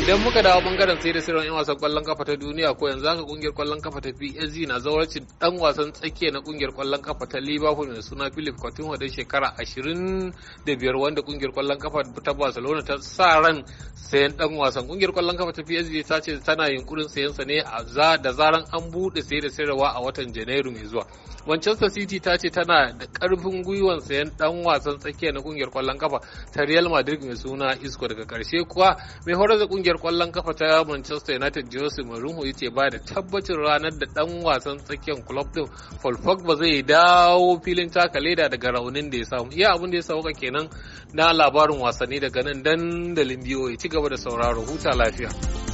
Idan muka dawo bangaren sai da sirrin 'yan wasan kwallon kafa ta duniya ko yanzu haka kungiyar kwallon kafa ta PSG na zawarci dan wasan tsakiya na kungiyar kwallon kafa ta Liverpool mai suna Philip Coutinho da shekara 25 wanda kungiyar kwallon kafa ta Barcelona ta sa ran sayan dan wasan kungiyar kwallon kafa ta PSG ta ce tana yunkurin sayan sa ne a za da zaran an bude saye da sayarwa a watan Janairu mai zuwa Manchester City ta ce tana da karfin gwiwan sayan dan wasan tsakiya na kungiyar kwallon kafa ta Real Madrid mai suna Isco daga karshe kuwa mai horar da kungiyar kwallon kafa ta Manchester United Jose Mourinho yace ba da tabbacin ranar da dan wasan tsakiyar club din Paul Pogba zai dawo filin taka leda daga raunin da ya samu iya abin da ya sauka kenan na labarin wasanni daga nan dandalin biyo ci ci gaba da sauraro huta lafiya.